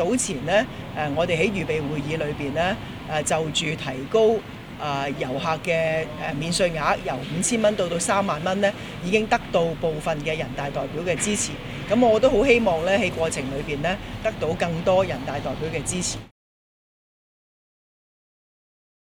早前呢，我哋喺預備會議裏面呢，就住提高啊遊客嘅免稅額，由五千蚊到到三萬蚊呢，已經得到部分嘅人大代表嘅支持。咁我都好希望呢，喺過程裏面呢，得到更多人大代表嘅支持。